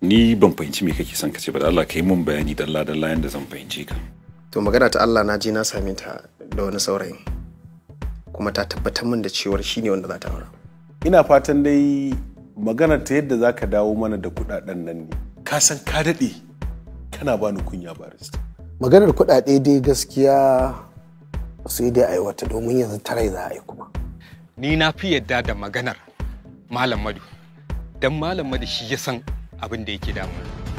ni ban fahimci me kake son ka ce ba da Allah ka mun bayani dalla dalla yanda zan fahimci ka to magana ta Allah na je na same ta da wani saurayin kuma ta tabbatar min da cewar ne wanda za ta aura ina fatan dai magana ta yadda za ka dawo mana da kudaden nan ne ka san ka daɗe kana ba ni kunya barista maganar kudade dai gaskiya sai dai aiwata domin yanzu ta tarai za a yi kuma ni na fi yadda da maganar malam madu don malam madu shi ya san abin da yake damu.